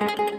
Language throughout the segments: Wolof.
thank you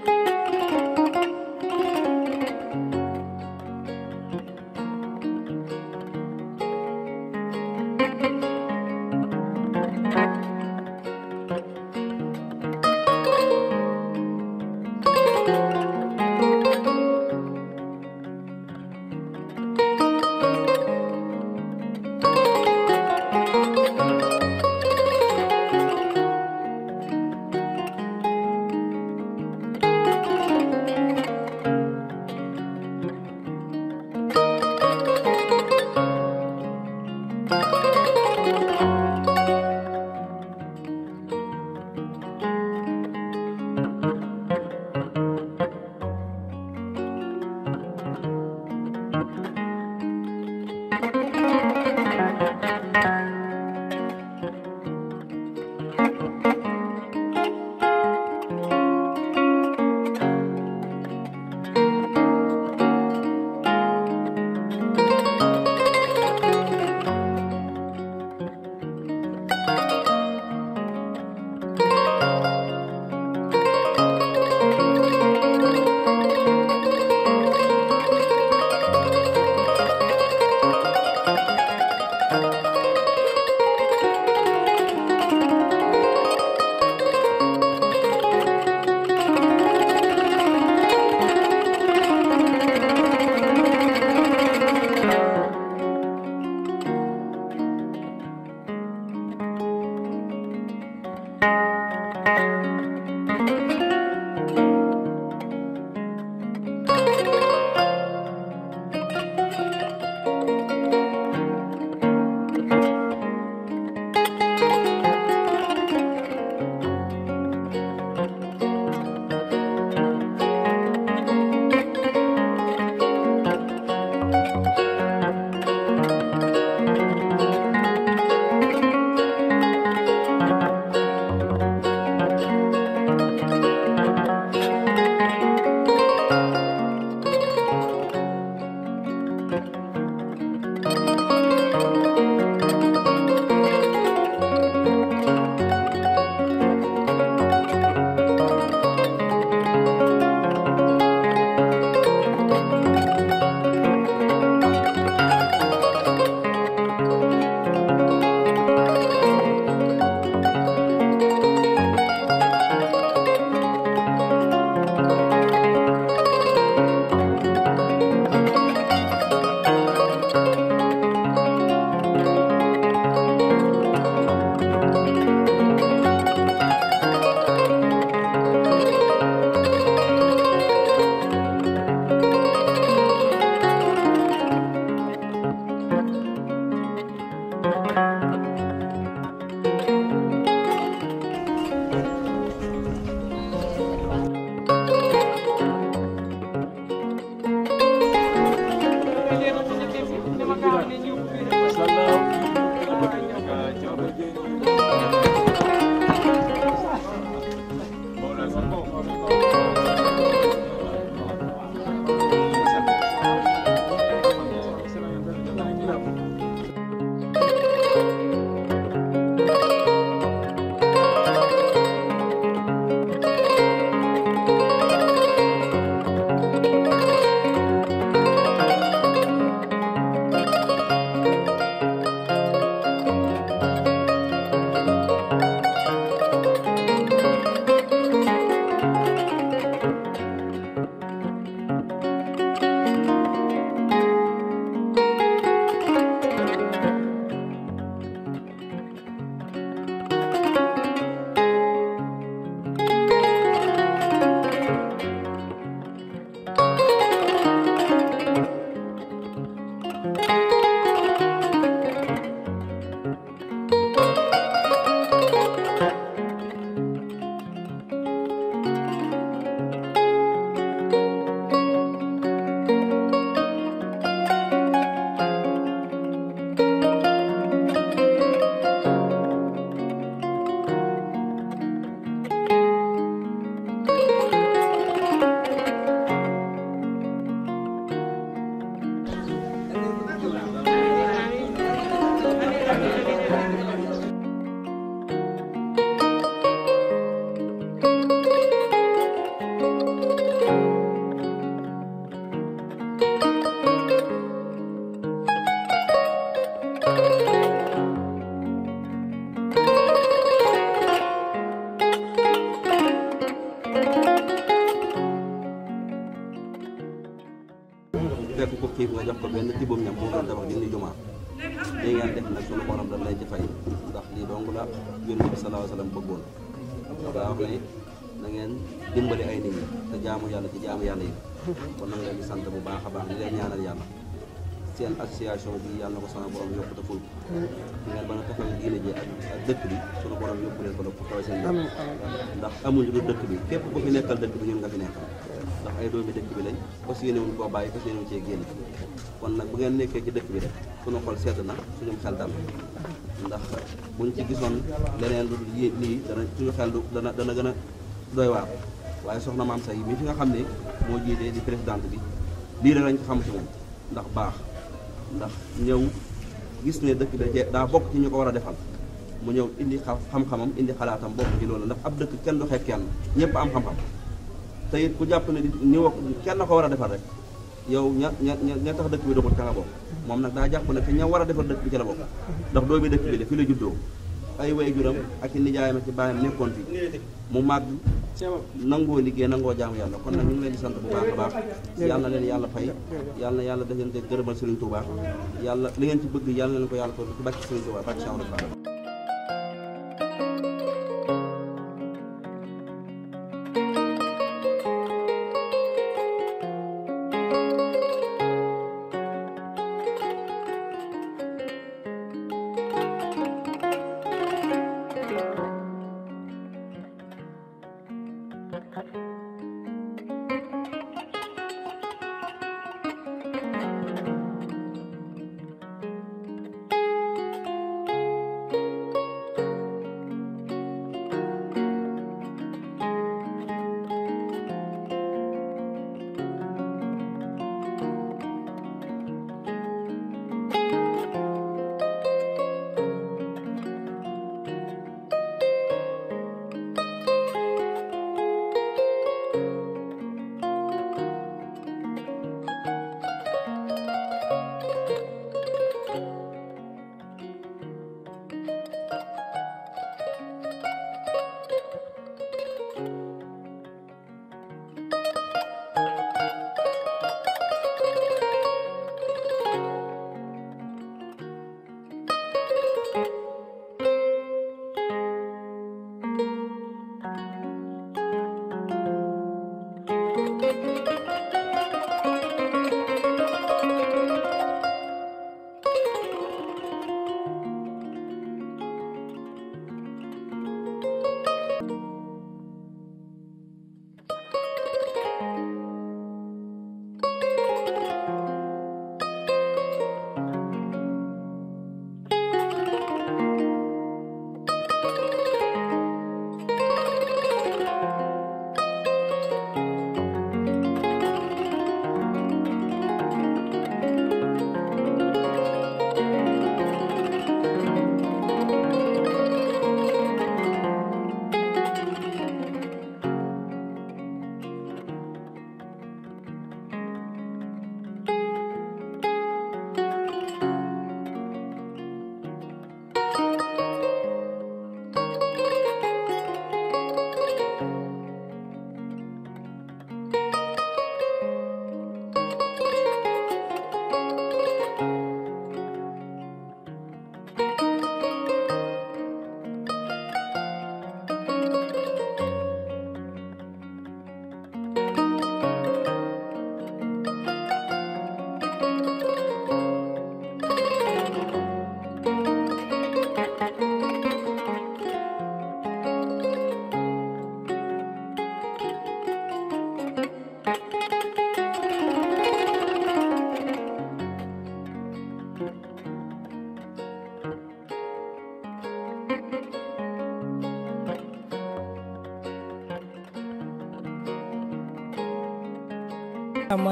xiif nga jox ko benn tibbam ñam boo doon tabax jëndi jumaa lii ngeen def nag sunu borom dañ lay ci fay ndax li dong la yonent bi salaahu salaam bëggoon ndax daa wax ne na ngeen dimbali ay nit ñi te jaamu yàlla ci jaamu yàlla yi kon na ngeen di sant bu baax a baax di leen ñaanal yàlla seen association bi yàlla na ko sama borom yokk te ful ngeen ba nga taxawal diine ji ak bi suñu borom yóbbu leen ko def kawe seen ndax amul lu dul dëkk bi képp ku fi nekkal dëkk bi ñun nga fi nekkal ndax ay doomi dëkk bi lañ fas yéene wuñ koo bàyyi fas yéene wuñ cee génn kon nag bu ngeen nekkee ci dëkk bi rek suñu xol sedd na suñu xel dal ndax gisoon leneen lu lii dana suñu xel dana dana gën a doy waar waaye soxna maam say mi fi nga xam ne moo jiitee di présidente bi lii rek lañ ko xam ci moom ndax baax ndax ñëw gis ne dëkk bi daa bokk ci ñu ko war a defal mu ñëw indi xam-xamam indi xalaatam bokk ci loolu ndax ab dëkk kenn du xeeb kenn ñëpp am xam-xam te it ku jàpp ne ni wax kenn ko war a defal rek yow ña ña ña tax dëkk bi doxul ca nga bokk moom nag daa jàpp ne fi ñaw war a defal dëkk bi ca la bokk ndax doomi dëkk bi la fi la juddoo ay wayjuram ak ci nijaayam ak ci baayam nekkoon fi mu màgg nangoo liggéey nangoo jaamu yàlla kon nag ñu ngi leen di sant bu baax a baax yàlla leen yàlla fay yàlla na yàlla def leen te gërëmal Serigne Touba yàlla li ngeen ci bëgg yàlla leen ko yàlla ko ci bàcc Serigne Touba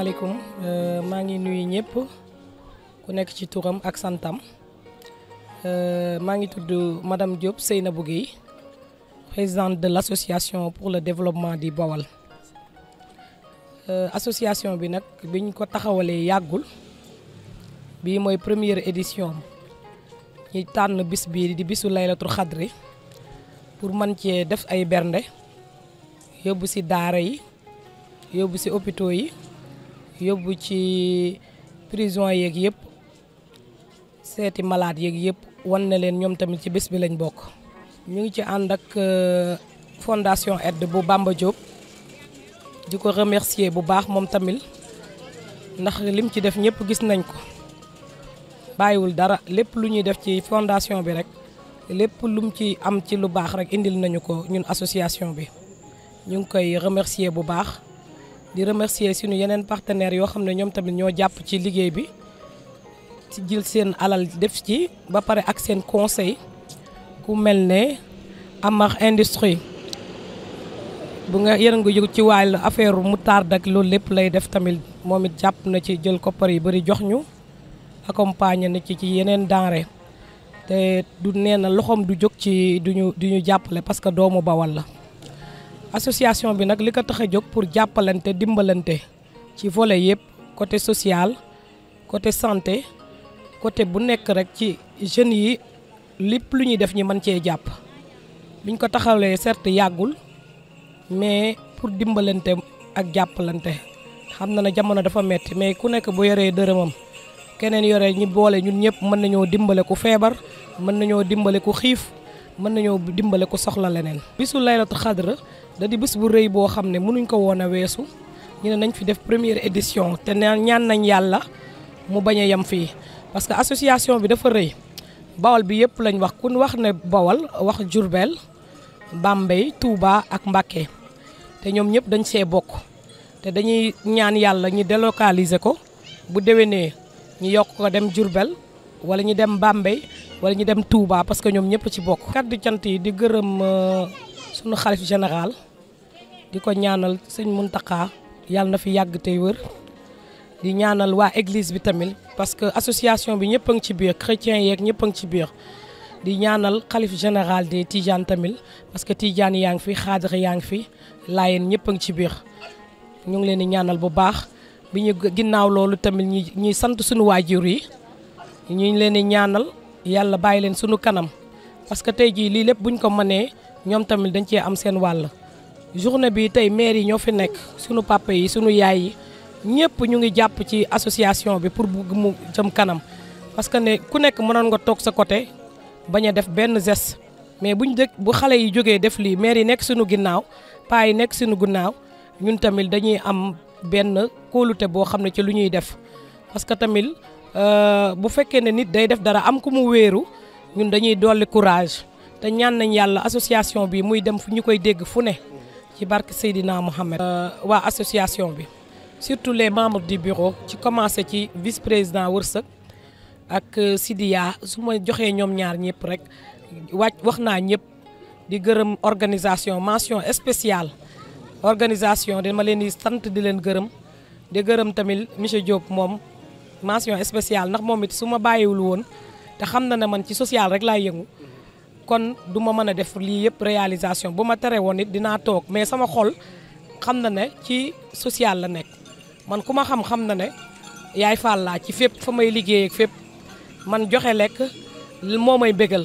asalaamaaleykum euh, maa ngi nuyu ñëpp ku nekk ci turam ak santam euh, maa ngi tudd madame Diop Seynabou Guèye présidente de l' association pour le développement du Baol euh, association bi nag biñ ko taxawalee yàggul bii mooy première édition ñi tànn bis bii di bisu laylatul xadri pour man cee def ay bernde yóbbu si daara yi yóbbu si hôpitaux yi yóbbu ci prison yeeg yëpp seeti malade yeeg yëpp wan na leen ñoom tamit ci bés bi lañ bokk. ñu ngi ci ànd ak euh, fondation aide bu Bamba Diop di ko remercier bu baax moom tamit ndax lim ci def ñëpp gis nañ ko bàyyiwul dara lépp lu ñuy def ci fondation bi rek lépp lum ci am ci lu baax rek indil nañu ko ñun association bi ñu ngi koy remercier bu baax. di remercier suñu yeneen partenaires yoo xam ne ñoom tamit ñoo jàpp ci liggéey bi ci jël seen alal def ci ba pare ak seen conseil ku mel ne Amar Industrie bu nga yërë nga jóg ci wàllu affaire mu ak loolu lépp lay def tamit moom it jàpp na ci jël koppar yi bëri jox ñu accompagner na ci ci yeneen denrée te du nee na loxoom du jóg ci duñu du ñu jàppale parce que doomu Bawol la association bi nag li ko tax a jóg pour jàppalante dimbalante ci vole yëpp côté social côté santé côté bu nekk rek ci jeunes yi lépp lu ñuy def ñi mën cee jàpp biñ ko taxawlee serte yàggul mais pour dimbalante ak jàppalante xam na na jamono dafa metti mais ku nekk bu yoree dërëmam keneen yore ñi boole ñun ñëpp mën nañoo dimbale ku feebar mën nañoo dimbale ku xiif mën nañoo dimbale ku soxla leneen. bisu laylatu xadra da di bu rëy boo xam ne mënuñ ko woon a weesu ñu ne nañ fi def première édition te ñaan nañ yàlla mu bañ a yem fii parce que association bi dafa rëy bawal bi yëpp lañ wax kun wax ne bawal wax Jurbel Bambey Touba ak Mbacké te ñoom ñëpp dañ see bokk te dañuy ñaan yàlla ñu délocaliser ko bu déwénee ñu yokk ko dem Jurbel wala ñu dem Bambey wala ñu dem Touba parce que ñoom ñëpp ci bokk. kaddu cant yi di gërëm euh, suñu xalif général di ko ñaanal sëñ Mountakha yàlla na fi yàgg tey wër di ñaanal waa église bi tamit parce que association bi ñëpp a ngi ci biir chrétien yeeg ñëpp a ngi ci biir. di ñaanal xalif général des Tidjane tamit parce que Tidjane yaa ngi fi xaadir yaa ngi fi laayeen ñëpp a ngi ci biir ñu ngi leen di ñaanal bu baax bi ñu ginnaaw loolu tamit ñi ñuy sant suñu waajur yi ñu leen di ñaanal. yàlla bàyyi leen sunu kanam parce que tey jii lii lépp buñ ko mënee ñoom tamit dañ cee am seen wàll. journée bi tey maire yi ñoo fi nekk sunu papa yi sunu yaay yi ñëpp ñu ngi jàpp ci association bi pour bu mu jëm kanam parce que ne ku nekk mënoon nga toog sa côté bañ a def benn geste mais buñ dëkk bu xale yi jógee def lii maire yi nekk sunu ginnaaw paa yi nekk sunu ginnaaw ñun tamit dañuy am benn kóolute boo xam ne ci lu ñuy def parce tamit. Euh, bu fekkee ne nit day def dara am ku mu wéeru ñun dañuy dolli courage te ñaan nañ yàlla association bi muy dem fu ñu koy dégg fu ne ci barke Seydina Mohamed. Euh, waa association bi surtout les membres di bureau ci commencé ci vice président wërsëg ak euh, Sidiya su ma joxee ñoom ñaar ñëpp rek waaj wax naa ñëpp di gërëm organisation mention spéciale organisation dama leen sant di leen gërëm di gërëm tamit monsieur Diop moom. mention spéciale ndax moom it su ma bàyyiwul woon te xam na ne man ci social rek laay yëngu kon du ma mën a def lii yëpp réalisation bu ma tere woon it dinaa toog mais sama xol xam na ne ci social la nekk man ku ma xam xam na ne yaay Fall laa ci fépp fa may liggéey ak fépp man joxe lekk moo may bégal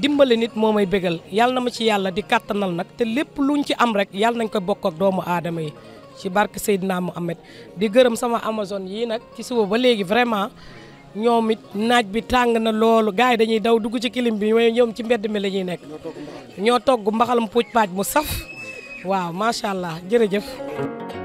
dimbali nit moo may bégal yàlla na ma ci yàlla di kàttanal nag te lépp lu luñ ci am rek yàlla nañ ko bokk ak doomu aadama yi. ci naa mu Mohamed di gërëm sama amazon yii nag ci suba ba léegi vraiment ñoom it naaj bi tàng na loolu gars yi dañuy daw dugg ci clim bi waaye ñoom ci mbedd mi la ñuy nekk ñoo togg mbaxalam puuj paaj mu saf waaw macha allah jërëjëf